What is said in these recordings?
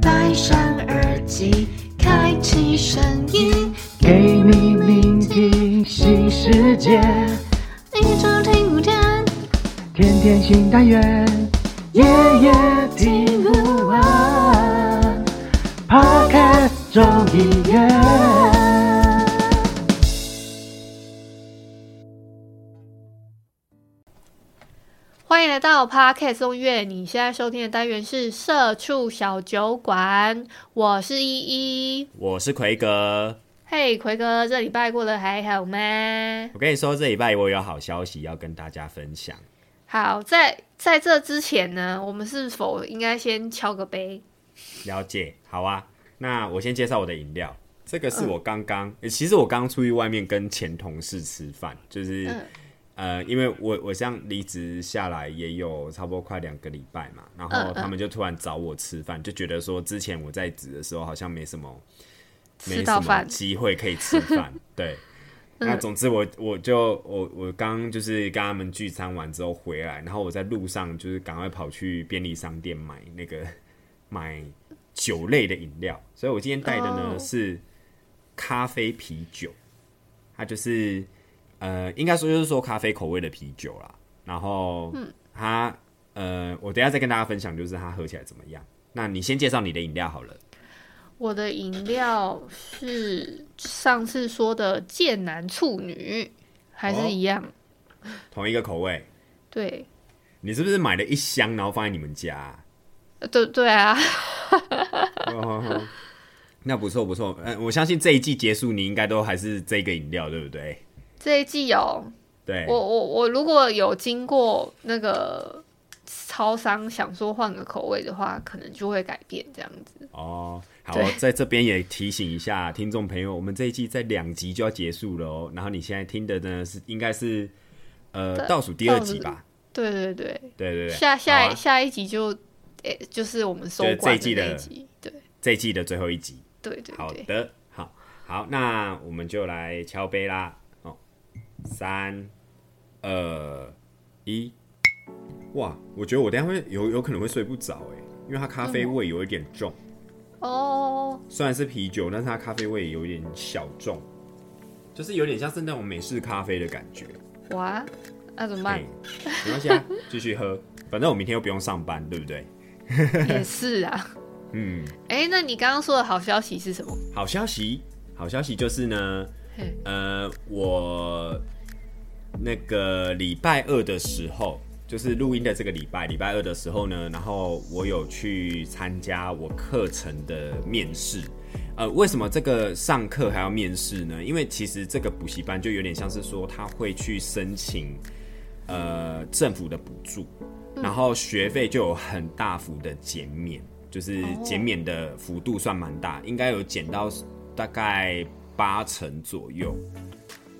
戴上耳機，開啟聲音，給你聆聽新世界。一週聽五天，天天新單元，夜夜聽不完。Podcast 眾議院來到 Podcast 眾議院，你現在收聽的單元是《社畜小酒館》。我是依依，我是奎格。嘿，奎格，這禮拜過得還好嗎？我跟你說，這禮拜我有好消息要跟大家分享。好，在在這之前呢，我們是否應該先敲個杯？了解，好啊。那我先介紹我的飲料，這個是我剛剛，嗯、其實我剛出去外面跟前同事吃飯，就是。嗯呃，因為我我像離職下來也有差不多快兩個禮拜嘛，然後他們就突然找我吃飯，嗯嗯，就覺得說之前我在職的時候好像沒什麼，到沒什麼機會可以吃飯。 對，那總之我我就我我剛就是跟他們聚餐完之後回來，然後我在路上就是趕快跑去便利商店買那個買酒類的飲料，所以我今天帶的呢是咖啡啤、啤酒，哦、它就是。呃，應該說就是說咖啡口味的啤酒啦。然後，嗯，他呃，我等一下再跟大家分享，就是他喝起來怎麼樣。那你先介紹你的飲料好了。我的飲料是上次說的“賤男處女”，還是一樣，哦、同一個口味？對。你是不是買了一箱，然後放在你們家、啊？對對啊。 哦、那不錯不錯，嗯、呃，我相信這一季結束，你應該都還是這個飲料，對不對？這一季有、哦、對我我我如果有經過那個超商，想說換個口味的話，可能就會改變這樣子哦。好、啊，對在這邊也提醒一下聽眾朋友，我們這一季在兩集就要結束了哦。然後你現在聽的呢，是應該是呃倒數第二集吧？對對對對，對，對下下、啊、下一集就誒、欸，就是我們收官這一季的對這一季的最後一集。對對，對對，好的，好，好，那我們就來敲杯啦。三、二、一！哇，我覺得我等下會有有可能會睡不着哎、欸，因為它咖啡味有一點重、嗯、哦。雖然是啤酒，但是它咖啡味有一點小重，就是有點像是那種美式咖啡的感覺。哇，那怎麼辦？欸、沒關係啊，繼續喝， 反正我明天又不用上班，對不對？ 也是啊。嗯。哎、欸，那你剛剛說的好消息是什麼？好消息，好消息就是呢。呃，我那個禮拜二的時候，就是錄音的這個禮拜，禮拜二的時候呢，然後我有去參加我課程的面試。呃，為什麼這個上課還要面試呢？因為其實這個補習班就有點像是說，他會去申請呃政府的補助，然後學費就有很大幅的減免，就是減免的幅度算蠻大，應該有減到大概。八成左右，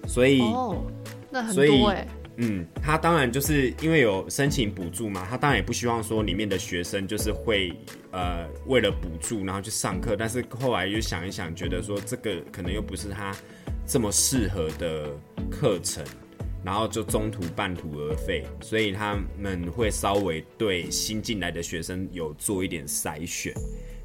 所以，哦、那很多欸、所以，嗯，他當然就是因為有申請補助嘛，他當然也不希望說裡面的學生就是會呃為了補助然後去上課，但是後來又想一想，覺得說這個可能又不是他這麼適合的課程，然後就中途半途而廢，所以他們會稍微對新進來的學生有做一點篩選，嗯、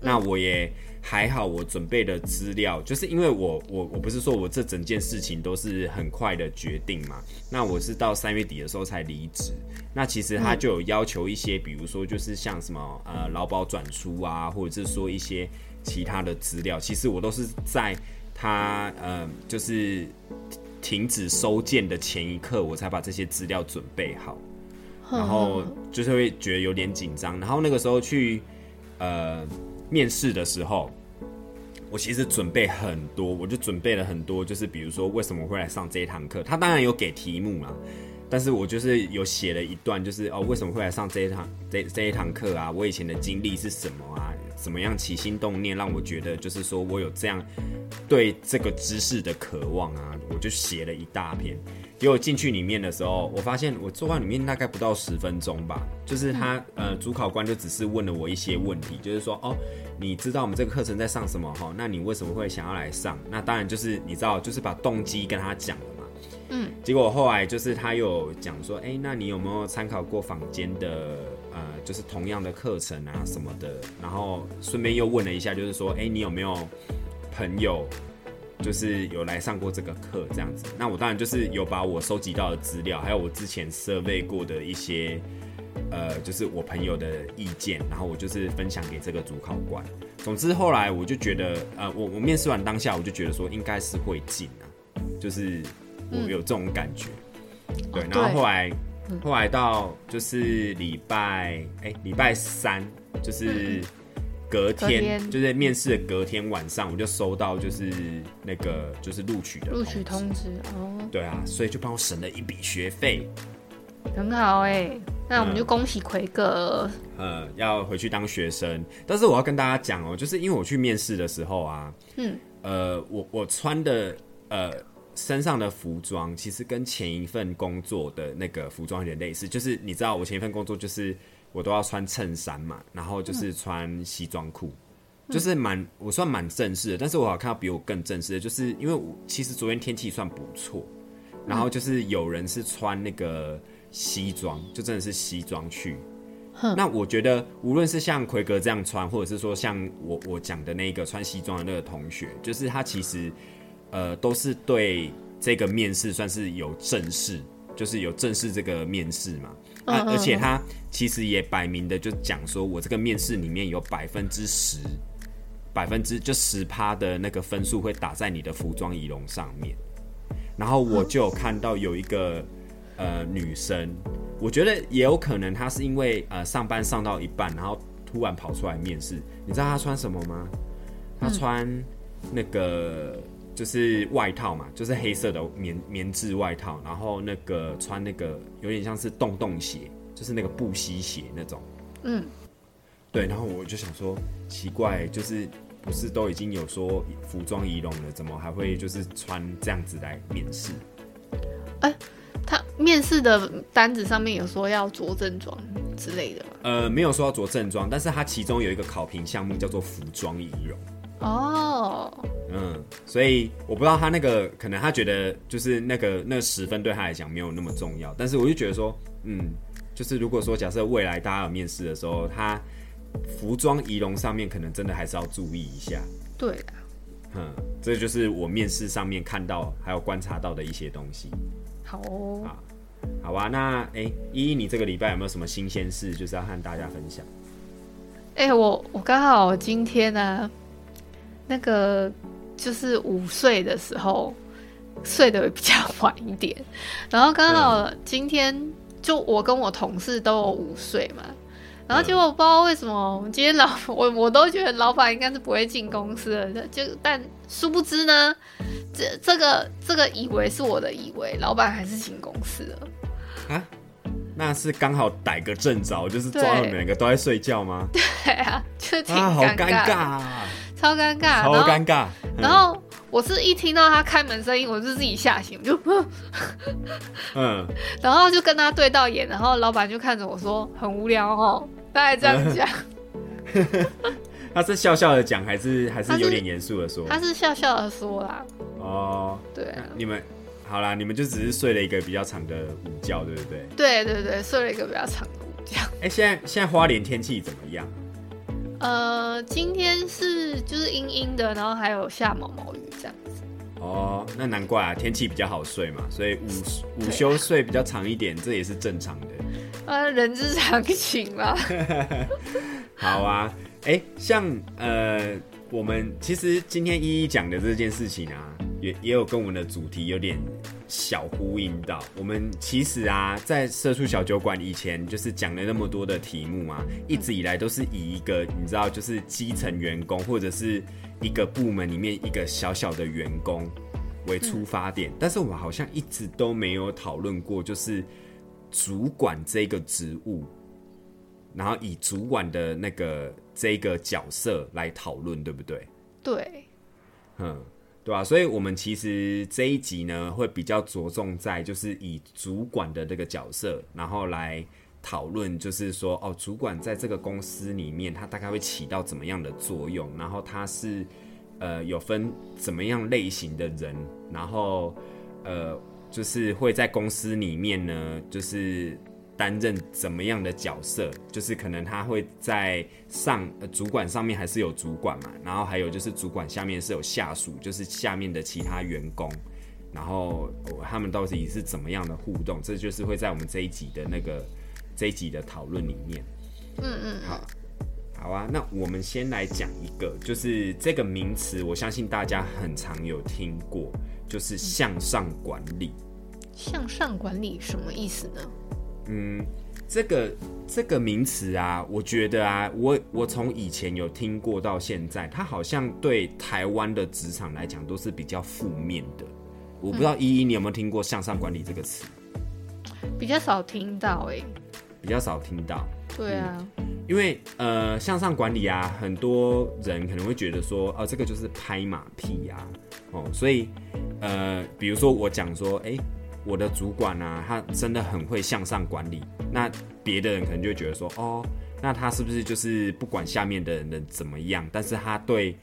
那我也。還好我準備的資料，就是因為我我我不是說我這整件事情都是很快的決定嘛，那我是到三月底的時候才離職，那其實他就有要求一些，比如說就是像什麼、嗯、呃勞保轉出啊，或者是說一些其他的資料，其實我都是在他呃就是停止收件的前一刻，我才把這些資料準備好，然後就是會覺得有點緊張，然後那個時候去呃面試的時候。我其實準備很多，我就準備了很多，就是比如說為什麼會來上這一堂課？他當然有給題目嘛，但是我就是有寫了一段，就是哦為什麼會來上這一堂這這一堂課啊？我以前的經歷是什麼啊？怎麼樣起心動念讓我覺得就是說我有這樣對這個知識的渴望啊？我就寫了一大篇結果，進去裡面的時候，我發現我坐在裡面大概不到十分鐘吧，就是他呃主考官就只是問了我一些問題，就是說哦。你知道我們這個課程在上什麼哈？那你為什麼會想要來上？那當然就是你知道，就是把動機跟他講了嘛。嗯。結果後來就是他又講說，誒、欸，那你有沒有參考過坊間的呃，就是同樣的課程啊什麼的？然後順便又問了一下，就是說，誒、欸，你有沒有朋友就是有來上過這個課這樣子？那我當然就是有把我收集到的資料，還有我之前 survey 過的一些。呃，就是我朋友的意見，然後我就是分享給這個主考官。總之，後來我就覺得，呃，我我面試完當下，我就覺得說應該是會進啊，就是我有這種感覺。嗯、對，哦、對，然後後來，後來到就是禮拜，哎、嗯，禮拜三，就是隔天，嗯、昨天就是面試的隔天晚上，我就收到就是那個就是錄取的錄取通知哦。對啊，所以就幫我省了一筆學費。嗯很好哎、欸，那我們就恭喜奎格。呃、嗯嗯，要回去當學生，但是我要跟大家講哦、喔，就是因為我去面試的時候啊，嗯呃，呃，我我穿的呃身上的服裝其實跟前一份工作的那個服裝有點類似，就是你知道我前一份工作就是我都要穿襯衫嘛，然後就是穿西裝褲，嗯、就是蠻我算蠻正式的，但是我好像看到比我更正式的，就是因為我其實昨天天氣算不錯，然後就是有人是穿那個。嗯西裝就真的是西裝去，呵那我覺得無論是像奎格這樣穿，或者是說像我我講的那個穿西裝的那個同學，就是他其實，呃，都是對這個面試算是有正式，就是有正式這個面試嘛、嗯啊。而且他其實也擺明的就講說，我這個面試裡面有百分之十，百分之就十趴的那個分數會打在你的服裝儀容上面。然後我就有看到有一個。呃，女生，我覺得也有可能，她是因為呃上班上到一半，然後突然跑出來面試。你知道她穿什麼嗎？她穿那個就是外套嘛，就是黑色的棉棉質外套，然後那個穿那個有點像是洞洞鞋，就是那個布希鞋那種。嗯，對。然後我就想說，奇怪，就是不是都已經有說服裝儀容了，怎麼還會就是穿這樣子來面試？哎、啊。面試的單子上面有說要着正裝之類的嗎？呃，沒有說要着正裝，但是他其中有一個考評項目叫做服裝儀容哦，嗯，所以我不知道他那個可能他覺得就是那個那十分對他來講沒有那麼重要，但是我就覺得說，嗯，就是如果說假設未來大家有面試的時候，他服裝儀容上面可能真的還是要注意一下。對的，啊，嗯，這就是我面試上面看到還有觀察到的一些東西。好，哦，啊。好吧、啊，那哎、欸，依依，你這個禮拜有沒有什麼新鮮事，就是要和大家分享？哎、欸，我我剛好今天呢、啊，那個就是午睡的時候睡得比較晚一點，然後剛好今天就我跟我同事都有午睡嘛。然後結果我不知道為什麼，我們、嗯、今天老我我都覺得老板應該是不會進公司的，就但殊不知呢，這這個這個以為是我的以為，老板還是進公司了、啊、那是剛好逮個正着，就是抓到每個都在睡覺嗎？對啊，就挺尷尬，啊好尷尬啊、超尷尬，超尷尬，然後，嗯、然後我是一聽到他開門聲音，我就自己嚇醒，我就呵呵嗯，然後就跟他對到眼，然後老板就看着我說很無聊哦。大概這樣講， 他是笑笑的講，還是還是有點嚴肅的說他？他是笑笑的說啦。哦，對、啊，你們好啦，你們就只是睡了一個比較長的午覺，對不對？對對對，睡了一個比較長的午覺。哎、欸，現在現在花蓮天氣怎麼樣？呃，今天是就是陰陰的，然後還有下毛毛雨這樣子。哦，那難怪啊，天氣比較好睡嘛，所以午午休睡比較長一點，啊、這也是正常的。呃、啊，人之常情嘛。 好啊，哎、欸，像呃，我們其實今天一一講的這件事情啊，也也有跟我們的主題有點小呼應到。我們其實啊，在《社畜小酒館》以前就是講了那麼多的題目啊，一直以來都是以一個、嗯、你知道，就是基層員工或者是一個部門裡面一個小小的員工為出發點，嗯、但是我們好像一直都沒有討論過，就是。主管這個職務，然後以主管的那個這個角色來討論，對不對？對，嗯，對啊。所以我們其實這一集呢，會比較着重在就是以主管的這個角色，然後來討論，就是說哦，主管在這個公司裡面，他大概會起到怎麼樣的作用？然後他是呃，有分怎麼樣類型的人？然後呃。就是會在公司裡面呢，就是擔任怎麼樣的角色？就是可能他會在上、呃、主管上面還是有主管嘛，然後還有就是主管下面是有下屬，就是下面的其他員工，然後、哦、他們到底是怎麼樣的互動？這就是會在我們這一集的那個這一集的討論裡面。嗯嗯好。好啊，那我們先來講一個，就是這個名詞，我相信大家很常有聽過，就是向上管理。向上管理什麼意思呢？嗯，這個這個名詞啊，我覺得啊，我我從以前有聽過到現在，它好像對台灣的職場來講都是比較負面的。我不知道，嗯，依依你有沒有聽過向上管理這個詞？比較少聽到誒、欸，比較少聽到。對啊，嗯、因為呃向上管理啊，很多人可能會覺得說，哦，這個就是拍馬屁呀、啊，哦，所以呃，比如說我講說，誒，我的主管啊，他真的很會向上管理，那別的人可能就會覺得說，哦，那他是不是就是不管下面的人的怎麼樣，但是他對，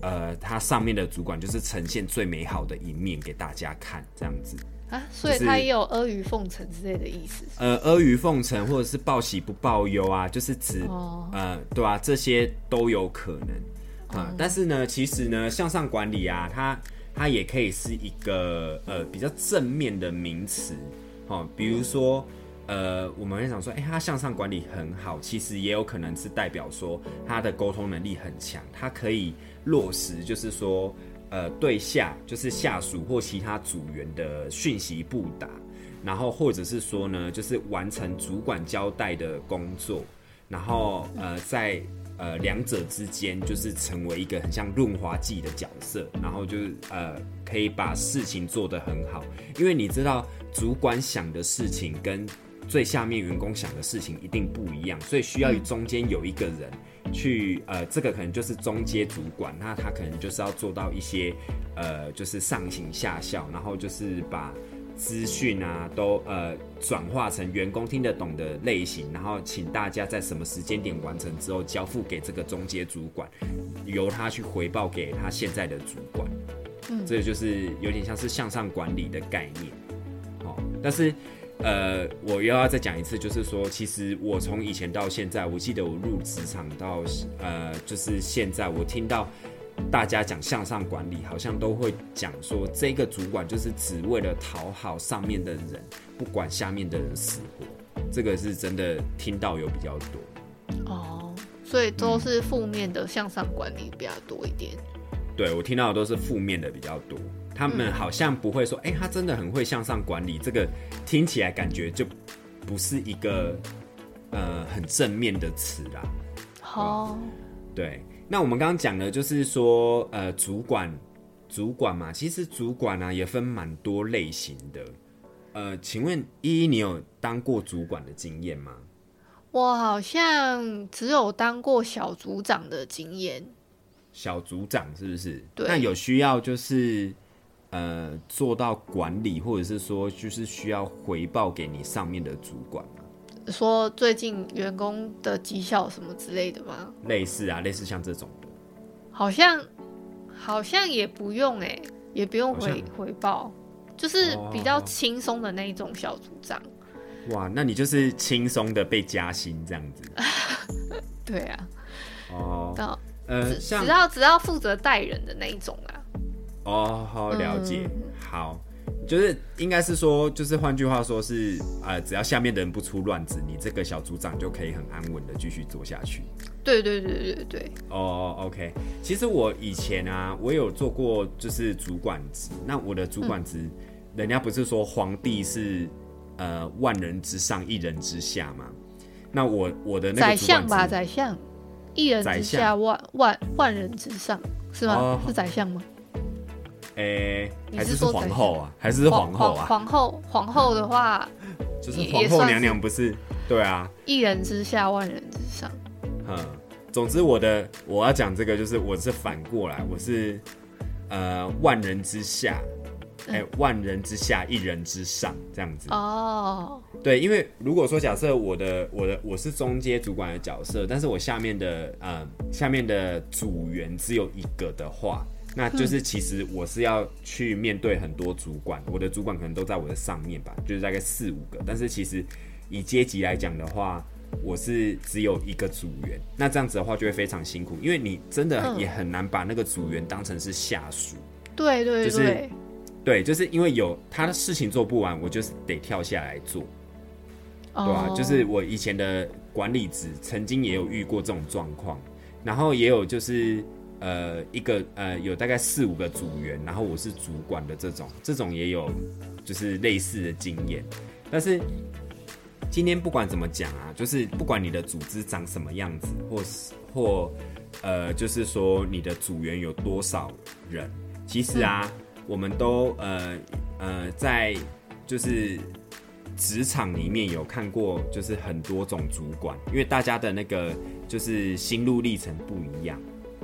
呃，他上面的主管就是呈現最美好的一面給大家看，這樣子。啊，所以他也有阿諛奉承之類的意思是是，就是。呃，阿諛奉承或者是報喜不報憂啊，就是指，哦，呃，對吧，啊，這些都有可能啊。呃哦，但是呢，其實呢，向上管理啊，它它也可以是一個呃比較正面的名詞。好，呃，比如說，嗯，呃，我們會想說，哎，欸，他向上管理很好，其實也有可能是代表說他的溝通能力很強，他可以落實，就是說。呃，對下就是下屬或其他組員的訊息布達，然後或者是說呢，就是完成主管交代的工作，然後呃，在呃兩者之間，就是成為一個很像潤滑劑的角色，然後就是呃可以把事情做得很好，因為你知道主管想的事情跟最下面員工想的事情一定不一樣，所以需要與中間有一個人。嗯去呃，這個可能就是中階主管，那他可能就是要做到一些，呃，就是上行下效，然後就是把資訊啊都呃轉化成員工聽得懂的類型，然後請大家在什麼時間點完成之後交付給這個中階主管，由他去回報給他現在的主管，嗯，這個就是有點像是向上管理的概念，哦，但是。呃，我又要再講一次，就是說，其實我從以前到現在，我記得我入職場到呃，就是現在，我聽到大家講向上管理，好像都會講說，這個主管就是只為了討好上面的人，不管下面的人死活。這個是真的聽到有比較多。哦，所以都是負面的向上管理比較多一點。嗯、對，我聽到的都是負面的比較多。他們好像不會說，哎、嗯欸，他真的很會向上管理。這個聽起來感覺就不是一個呃很正面的詞啦。好、哦嗯，對。那我們剛剛講的，就是說，呃，主管，主管嘛，其實主管呢、啊、也分蠻多類型的。呃，請問依依，你有當過主管的經驗嗎？我好像只有當過小組長的經驗。小組長是不是？對。那有需要就是。呃，做到管理，或者是說，就是需要回報給你上面的主管嗎？說最近員工的績效什麼之類的嗎？類似啊，類似像這種的，好像好像也不用哎、欸，也不用回像回報，就是比較輕鬆的那一種小組長。哦、哇，那你就是輕鬆的被加薪這樣子？ 對啊，哦，只呃，只要只要負責帶人的那一種啦、啊。哦，好、oh, oh, 了解，嗯、好，就是應該是說，就是換句話說是，呃，只要下面的人不出亂子，你這個小組長就可以很安穩的繼續做下去。對對對對對。哦、oh, OK。其實我以前啊，我有做過就是主管職，那我的主管職，嗯、人家不是說皇帝是呃萬人之上，一人之下嗎？那我我的那個宰相吧，宰相，一人之下，相萬萬萬人之上，是嗎？Oh, 是宰相嗎？哎、欸，還是，是皇後啊？還是，是皇後啊？皇，皇后皇後的話，就是皇後娘娘不是？對啊，一人之下，萬人之上。嗯，總之我的我要講這個，就是我就是反過來，我是萬人之下，萬人之下，欸人之下嗯、一人之上這樣子哦。Oh. 對，因為如果說假設我的我的我是中階主管的角色，但是我下面的呃下面的組員只有一個的話。那就是其實我是要去面對很多主管，嗯、我的主管可能都在我的上面吧，就是大概四五個。但是其實以階級來講的話，我是只有一個組員。那這樣子的話就會非常辛苦，因為你真的也很難把那個組員當成是下屬。嗯就是、對對對。對，就是因為有他的事情做不完，我就是得跳下來做，哦、對啊，就是我以前的管理職曾經也有遇過這種狀況，然後也有就是。呃，一個呃，有大概四五個組員，然後我是主管的這種，這種也有，就是類似的經驗。但是今天不管怎麼講啊，就是不管你的組織長什麼樣子，或是或呃，就是說你的組員有多少人，其實啊，嗯、我們都呃呃在就是職場裡面有看過，就是很多種主管，因為大家的那個就是心路歷程不一樣。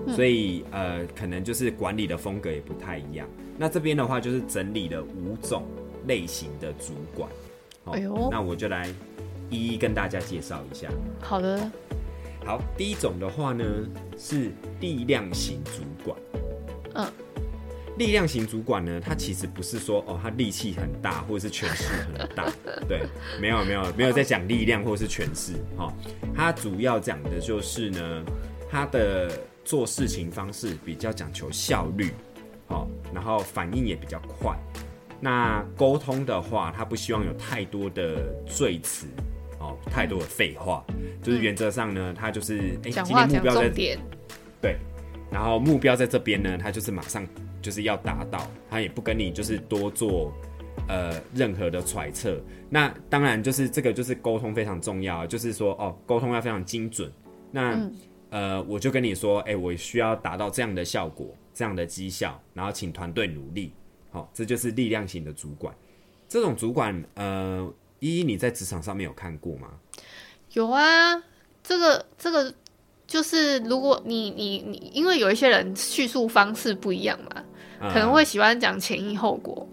所以呃，可能就是管理的風格也不太一樣。那這邊的話，就是整理了五種類型的主管。哦、哎、呦，那我就來一一跟大家介紹一下。好的，好，第一種的話呢，是力量型主管。嗯，力量型主管呢，他其實不是說哦，他力氣很大，或者是權勢很大。 對，沒有沒有沒有在講力量或是權勢哈，他、哦、主要講的就是呢，他的。做事情方式比較講求效率，好、哦，然後反應也比較快。那溝通的話，他不希望有太多的贅詞哦，太多的廢話。就是原則上呢，他、嗯、就是誒，欸、講話講重點。今天目標在點，對。然後目標在這邊呢，他就是馬上就是要達到，他也不跟你就是多做呃任何的揣測。那當然就是這個就是溝通非常重要，就是說哦，溝通要非常精準。那。嗯呃，我就跟你說，哎，我需要達到這樣的效果，這樣的績效，然後請團隊努力。好、哦，這就是力量型的主管。這種主管，呃，依依，你在職場上面有看過嗎？有啊，這個這個就是，如果你你你，因為有一些人敘述方式不一樣嘛，可能會喜歡講前因後果，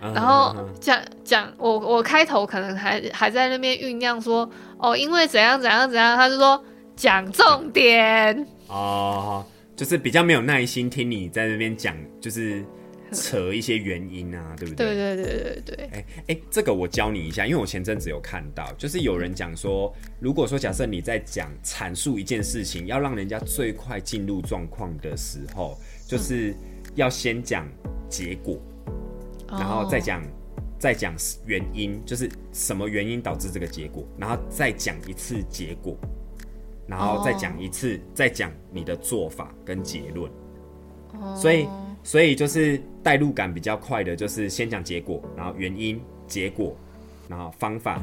嗯、然後講、嗯、講我我開頭可能還還在那邊醞釀說，哦，因為怎樣怎樣怎樣，他就說。講重點、嗯、哦，就是比較沒有耐心聽你在那邊講，就是扯一些原因啊， 對不對？對對對對對。哎哎，這個我教你一下，因為我前陣子有看到，就是有人講說，如果說假設你在講闡述一件事情，要讓人家最快進入狀況的時候，就是要先講結果，嗯、然後再講，哦、再講原因，就是什麼原因導致這個結果，然後再講一次結果。然後再講一次，oh. 再講你的做法跟結論。Oh. 所以，所以就是帶入感比較快的，就是先講結果，然後原因，結果，然後方法，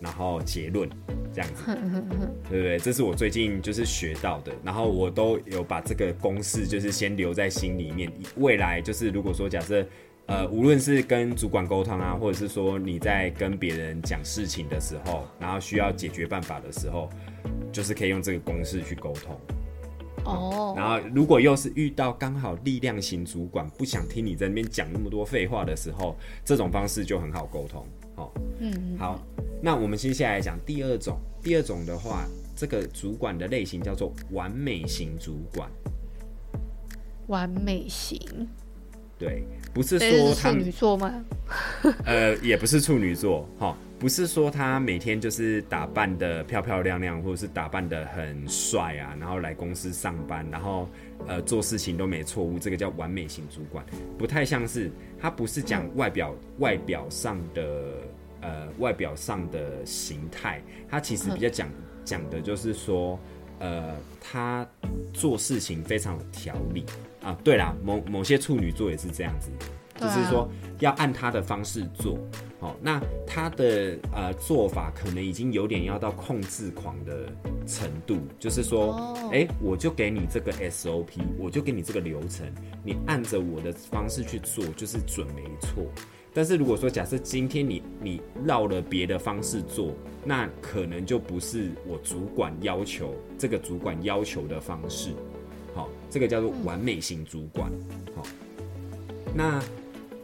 然後結論，這樣子， 對不對？這是我最近就是學到的，然後我都有把這個公式就是先留在心裡面，未來就是如果說假設，呃，無論是跟主管溝通啊，或者是說你在跟別人講事情的時候，然後需要解決辦法的時候。就是可以用這個公式去溝通哦，然後如果又是遇到剛好力量型主管不想聽你在那邊講那麼多廢話的時候，這種方式就很好溝通哦。嗯，好，那我們接下來講第二種，第二種的話，這個主管的類型叫做完美型主管。完美型？對，不是說他是處女座嗎？ 呃，也不是處女座哈。哦。不是說他每天就是打扮的漂漂亮亮，或者是打扮的很帥啊，然後來公司上班，然後呃做事情都沒錯誤，這個叫完美型主管，不太像是他不是講外表、嗯、外表上的呃外表上的形態，他其實比較講、嗯、講的就是說，呃他做事情非常有條理啊。對啦，某某些處女座也是這樣子，啊、就是說要按他的方式做。那他的呃做法可能已經有點要到控制狂的程度，就是說，哎，我就給你這個 SOP，我就給你這個流程，你按着我的方式去做，就是準沒錯。但是如果說假設今天你你繞了別的方式做，那可能就不是我主管要求，這個主管要求的方式。好、哦，這個叫做完美型主管。好、哦，那。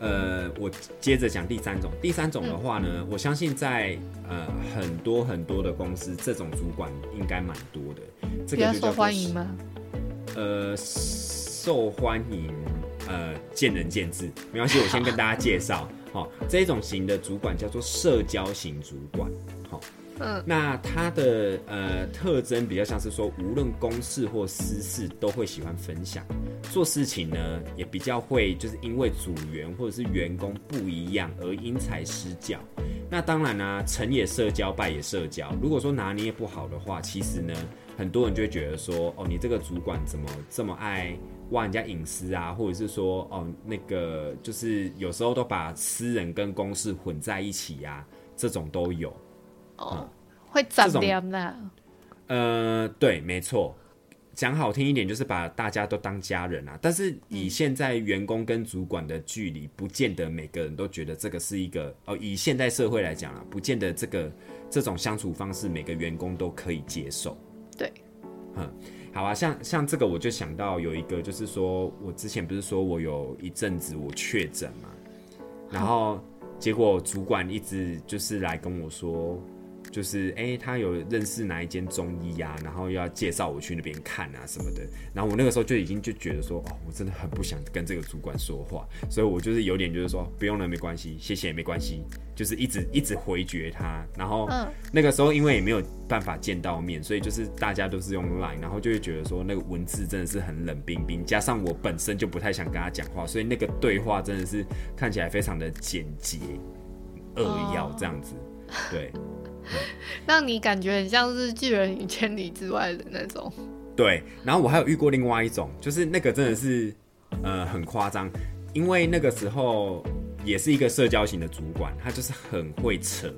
呃，我接着講第三種。第三種的話呢，嗯、我相信在呃很多很多的公司，這種主管應該蠻多的。這個受歡迎嗎？呃，受歡迎，呃，見仁見智，沒關係。我先跟大家介紹好、哦，這種型的主管叫做社交型主管，哦。那他的呃特徵比較像是說，無論公事或私事都會喜歡分享，做事情呢也比較會，就是因為組員或者是員工不一樣而因材施教。那當然呢，成也社交，敗也社交。如果說拿捏也不好的話，其實呢，很多人就會覺得說，哦，你這個主管怎麼這麼愛挖人家隱私啊，或者是說，哦，那個就是有時候都把私人跟公事混在一起呀，這種都有。嗯、會怎麼樣啦。呃，對，沒錯。講好聽一點，就是把大家都當家人啊。但是以現在員工跟主管的距離，嗯、不見得每個人都覺得這個是一個哦、呃。以現代社會來講啊，不見得這個這種相處方式，每個員工都可以接受。對，嗯，好啊。像像這個，我就想到有一個，就是說我之前不是說我有一陣子我確診嘛，然後、嗯、結果主管一直就是來跟我說。就是哎，他有認識哪一間中醫呀、啊？然後要介紹我去那邊看啊什麼的。然後我那個時候就已經就覺得說，哦，我真的很不想跟這個主管說話，所以我就是有點就是說，不用了，沒關係，謝謝，也沒關係，就是一直一直回絕他。然後、嗯、那個時候因為也沒有辦法見到面，所以就是大家都是用 Line，然後就會覺得說那個文字真的是很冷冰冰，加上我本身就不太想跟他講話，所以那個對話真的是看起來非常的簡潔噢扼要這樣子，對。讓你感覺很像是拒人於千里之外的那種。對，然後我還有遇過另外一種，就是那個真的是，呃，很誇張，因為那個時候也是一個社交型的主管，他就是很會扯。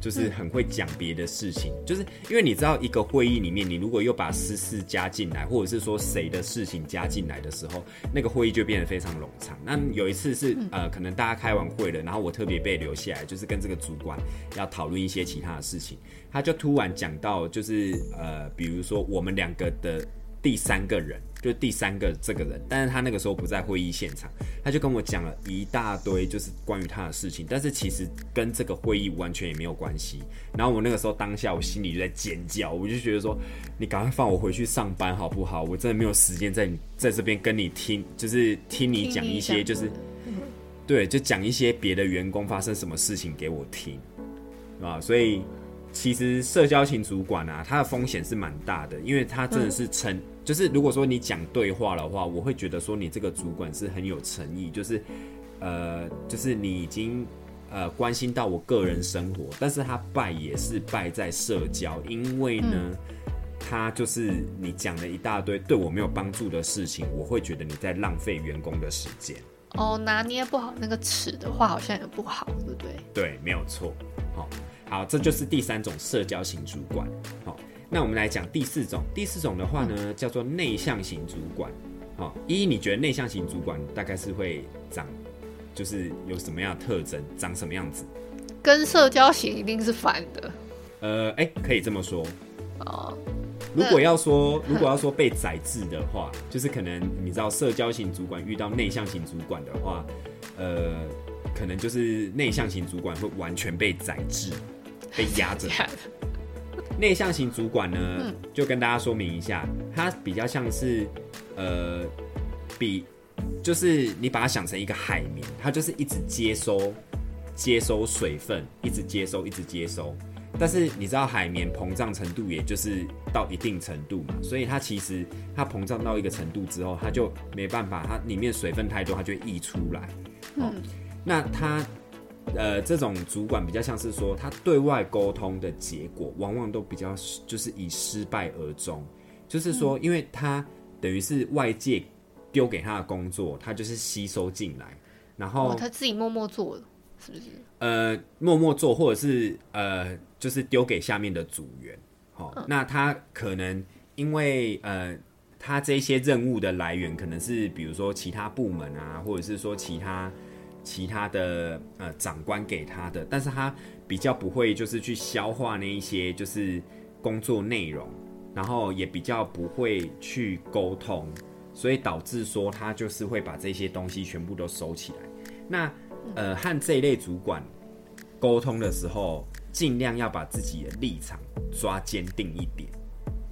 就是很會講別的事情，嗯、就是因為你知道一個會議裡面，你如果又把私事加進來，嗯、或者是說誰的事情加進來的時候，那個會議就變得非常冗長。那有一次是呃，可能大家開完會了，然後我特別被留下來，就是跟這個主管要討論一些其他的事情，他就突然講到，就是呃，比如說我們兩個的第三個人。就第三個這個人，但是他那個時候不在會議現場，他就跟我講了一大堆，就是關於他的事情，但是其實跟這個會議完全也沒有關係。然後我那個時候當下，我心裡就在尖叫，我就覺得說，你趕快放我回去上班好不好？我真的沒有時間在在這邊跟你聽，就是聽你講一些，就是對，就講一些別的員工發生什麼事情給我聽，啊，所以其實社交型主管啊，他的風險是蠻大的，因為他真的是成……嗯就是如果說你講對話的話，我會覺得說，你這個主管是很有誠意，就是，呃，就是你已經呃關心到我個人生活，但是他敗也是敗在社交，因為呢，嗯、他就是你講了一大堆對我沒有幫助的事情，我會覺得你在浪費員工的時間。哦，拿捏不好那個尺的話，好像也不好，對不對？對，沒有錯。好、哦，好，這就是第三種社交型主管。好、哦。那我們來講第四種，第四種的話呢，叫做內向型主管。好、哦，一，你覺得內向型主管大概是會長，就是有什麼樣的特徵，長什麼樣子？跟社交型一定是反的。呃，哎、欸，可以這麼說。哦。如果要說，嗯、如果要說被宰制的話，就是可能你知道社交型主管遇到內向型主管的話，呃，可能就是內向型主管會完全被宰制，被壓着。嗯。內向型主管呢，就跟大家說明一下，他比較像是，呃，比就是你把它想成一個海綿，它就是一直接收、接收水分，一直接收、一直接收。但是你知道海綿膨脹程度，也就是到一定程度嘛，所以它其實它膨脹到一個程度之後，它就沒辦法，它裡面水分太多，它就會溢出來。嗯、哦，那它。呃，這種主管比較像是說，他對外溝通的結果往往都比較，就是以失敗而終。就是說，因為他等於是外界丟給他的工作，他就是吸收進來，然後他自己默默做，是不是？呃，默默做，或者是呃，就是丟給下面的組員。好，那他可能因為呃，他這些任務的來源可能是比如說其他部門啊，或者是說其他。其他的呃，長官給他的，但是他比較不會就是去消化那一些就是工作內容，然後也比較不會去溝通，所以導致說他就是會把這些東西全部都收起來。那呃，和這一類主管溝通的時候，盡量要把自己的立場抓堅定一點。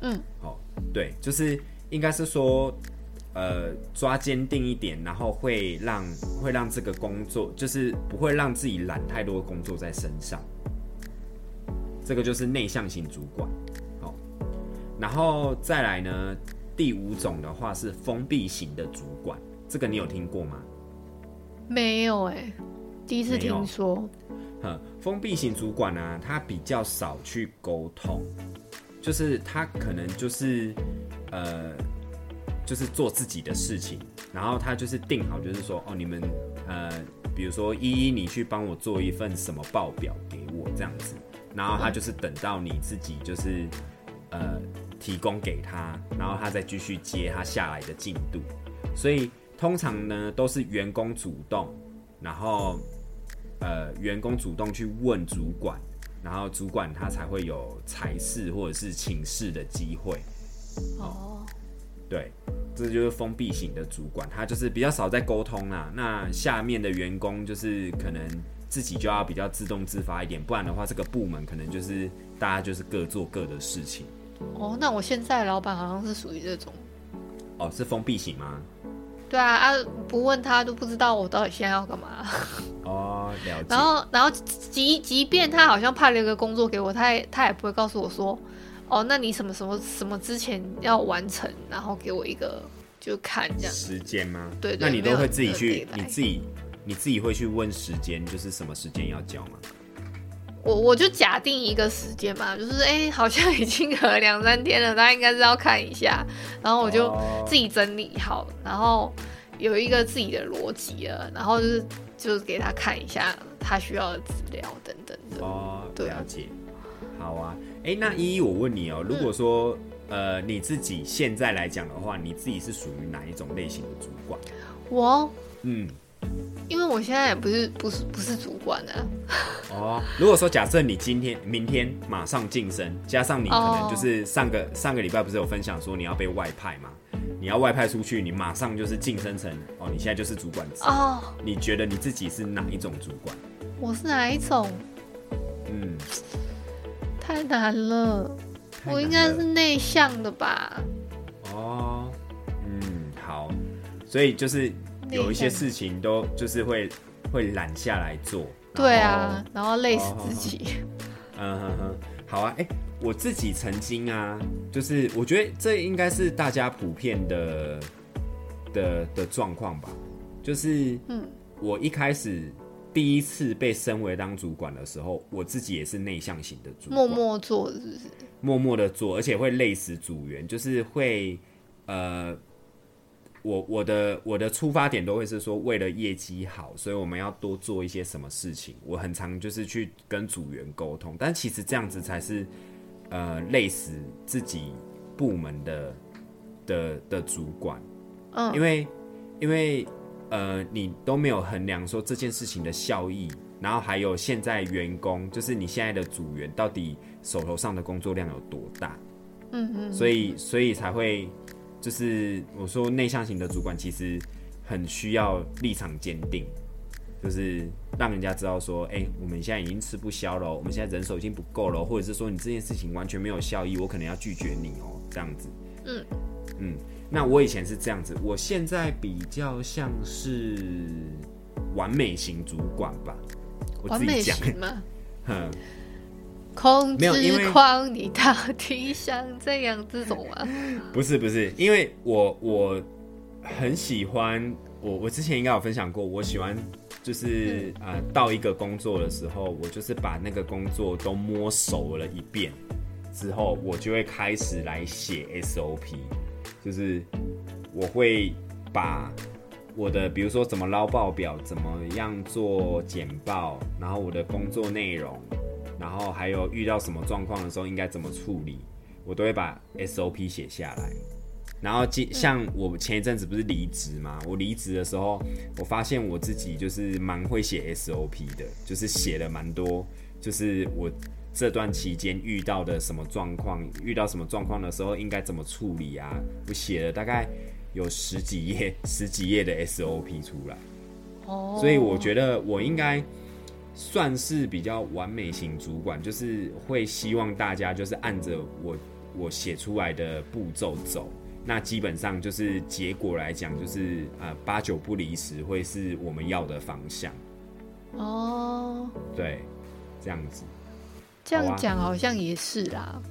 嗯，好，哦，對，就是應該是說。呃，抓堅定一點，然後會讓會讓這個工作就是不會讓自己攬太多工作在身上。這個就是內向型主管，好、哦，然後再來呢，第五種的話是封閉型的主管，這個你有聽過嗎？沒有哎、欸，第一次聽說。呵，封閉型主管呢、啊，他比較少去溝通，就是他可能就是呃。就是做自己的事情，然後他就是定好，就是說哦，你們呃，比如說依依，依依你去幫我做一份什麼報表給我這樣子，然後他就是等到你自己就是呃提供給他，然後他再繼續接他下來的進度。所以通常呢都是員工主動，然後呃員工主動去問主管，然後主管他才會有才試或者是請示的機會。哦，對。這就是封閉型的主管，他就是比較少在溝通啦、啊。那下面的員工就是可能自己就要比較自動自發一點，不然的話，這個部門可能就是大家就是各做各的事情。哦，那我現在的老板好像是屬於這種。哦，是封閉型嗎？對啊，啊，不問他都不知道我到底現在要幹嘛。 哦，了解。然後，然後即即便他好像派了一個工作給我，他也他也不會告訴我說。哦，那你什麼什麼什麼之前要完成，然後給我一個就看這樣時間嗎？對，對對，那你都會自己去，你自己你自己會去問時間，就是什麼時間要交嗎？我我就假定一個時間嘛，就是哎、欸，好像已經隔兩三天了，他應該是要看一下，然後我就自己整理好，oh. 然後有一個自己的邏輯了，然後就是就是給他看一下他需要的資料等等的哦，oh, 對啊、了解。好啊，哎，那依依，我問你哦，如果說，嗯、呃，你自己現在來講的話，你自己是屬於哪一種類型的主管？我，嗯，因為我現在也不是不是不是主管的、啊、 哦，如果說假設你今天明天馬上晉升，加上你可能就是上個、oh. 上個禮拜不是有分享說你要被外派嘛？你要外派出去，你馬上就是晉升成哦，你現在就是主管職。哦，oh. 你覺得你自己是哪一種主管？我是哪一種？嗯。太難了，難了，我應該是內向的吧？哦，嗯，好，所以就是有一些事情都就是會向會攬下來做。對啊，然後累死自己。哦哦、嗯哼哼、嗯嗯，好啊，哎、欸，我自己曾經啊，就是我覺得這應該是大家普遍的的狀況吧，就是嗯，我一開始。嗯第一次被升為當主管的時候，我自己也是內向型的主管，默默做是不是？默默的做，而且會累死組員，就是會，呃，我我的我的出發點都會是說，為了業績好，所以我們要多做一些什麼事情。我很常就是去跟組員溝通，但其實這樣子才是，呃，累死自己部門的的的主管，嗯，因為因為。呃，你都沒有衡量說這件事情的效益，然後還有現在員工，就是你現在的組員到底手頭上的工作量有多大？嗯嗯哼，所以所以才會，就是我說內向型的主管其實很需要立場堅定，就是讓人家知道說，哎、欸，我們現在已經吃不消了、哦，我們現在人手已經不夠了、哦，或者是說你這件事情完全沒有效益，我可能要拒絕你哦，這樣子。嗯嗯。嗯那我以前是這樣子，我現在比較像是完美型主管吧。我自己講完美型嗎？哼呵，控制狂，為你到底想怎樣？這種嗎、啊？不是不是，因為我我很喜歡我我之前應該有分享過，我喜歡就是、嗯、呃到一個工作的時候，我就是把那個工作都摸熟了一遍之後，我就會開始來寫 SOP。就是我會把我的，比如說怎麼撈報表，怎麼樣做簡報，然後我的工作內容，然後還有遇到什麼狀況的時候應該怎麼處理，我都會把 SOP 寫下來。然後像我前一陣子不是離職嘛？我離職的時候，我發現我自己就是蠻會寫 SOP 的，就是寫了蠻多，就是我。這段期間遇到的什麼狀況，遇到什麼狀況的時候，應該怎麼處理啊？我寫了大概有十幾頁、十幾頁的 SOP 出來，哦，oh. 所以我覺得我應該算是比較完美型主管，就是會希望大家就是按着我我寫出來的步驟走，那基本上就是結果來講，就是啊、呃，八九不離十，會是我們要的方向。哦，oh. 對，這樣子。這樣講好像也是啦，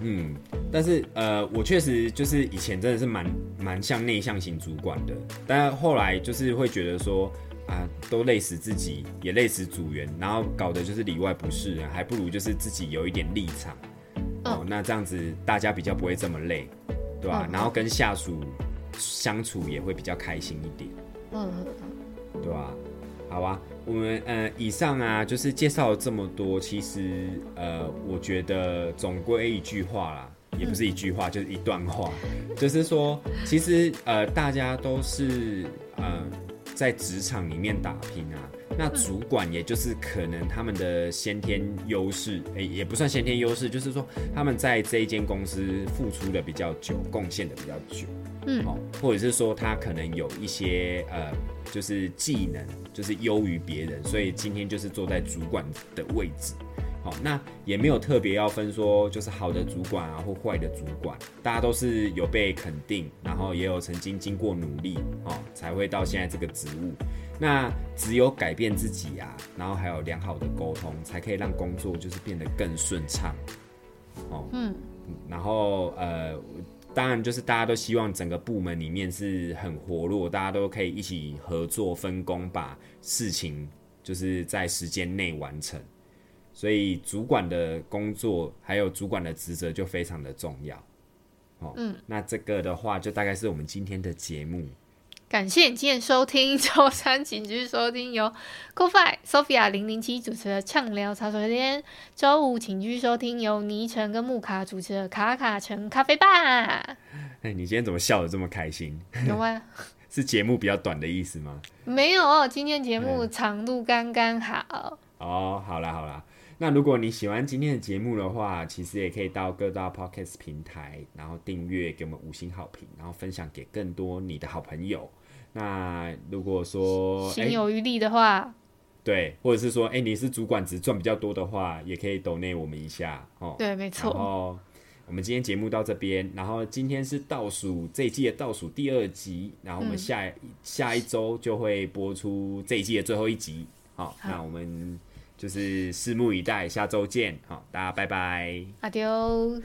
嗯，嗯，但是呃，我確實就是以前真的是蠻蠻像內向型主管的，但後來就是會覺得說啊，都累死自己，也累死組員，然後搞得就是裡外不是人，還不如就是自己有一點立場，嗯、哦，那這樣子大家比較不會這麼累，對吧？嗯、然後跟下屬相處也會比較開心一點，嗯，對吧？好啊，我們呃，以上啊，就是介紹了這麼多。其實呃，我覺得總歸一句話啦，也不是一句話，就是一段話，就是說，其實呃，大家都是呃，在職場裡面打拼啊。那主管也就是可能他們的先天優勢，誒、呃，也不算先天優勢，就是說他們在這一間公司付出的比較久，貢獻的比較久。嗯、哦，或者是說他可能有一些呃，就是技能，就是優於別人，所以今天就是坐在主管的位置，好、哦，那也沒有特別要分說，就是好的主管啊或壞的主管，大家都是有被肯定，然後也有曾經經過努力哦，才會到現在這個職務。那只有改變自己啊，然後還有良好的溝通，才可以讓工作就是變得更順暢。哦、嗯，然後呃。當然，就是大家都希望整個部門裡面是很活絡，大家都可以一起合作、分工，把事情就是在時間內完成。所以主管的工作還有主管的職責就非常的重要。好，嗯，那這個的話，就大概是我們今天的節目。感謝你今天收聽周三，請繼續收聽由 Kofi Sophia 零零七主持的暢聊茶水間。周五，請繼續收聽由倪晨跟木卡主持的卡卡城咖啡吧。哎、欸，你今天怎麼笑得這麼開心？有嗎白 是節目比較短的意思嗎？沒有哦，今天節目長度剛剛好、嗯。哦，好啦好啦，那如果你喜歡今天的節目的話，其實也可以到各大 Podcast 平台，然後訂閱給我們五星好評，然後分享給更多你的好朋友。那如果說，行有餘力的話、欸，對，或者是說，哎、欸，你是主管，值賺比較多的話，也可以抖內我們一下，哦，對，沒錯。哦，我們今天節目到這邊，然後今天是倒數這一季的倒數第二集，然後我們下、嗯、下一周就會播出這一季的最後一集，哦、好，那我們就是拭目以待，下周見，好、哦，大家拜拜，阿丟。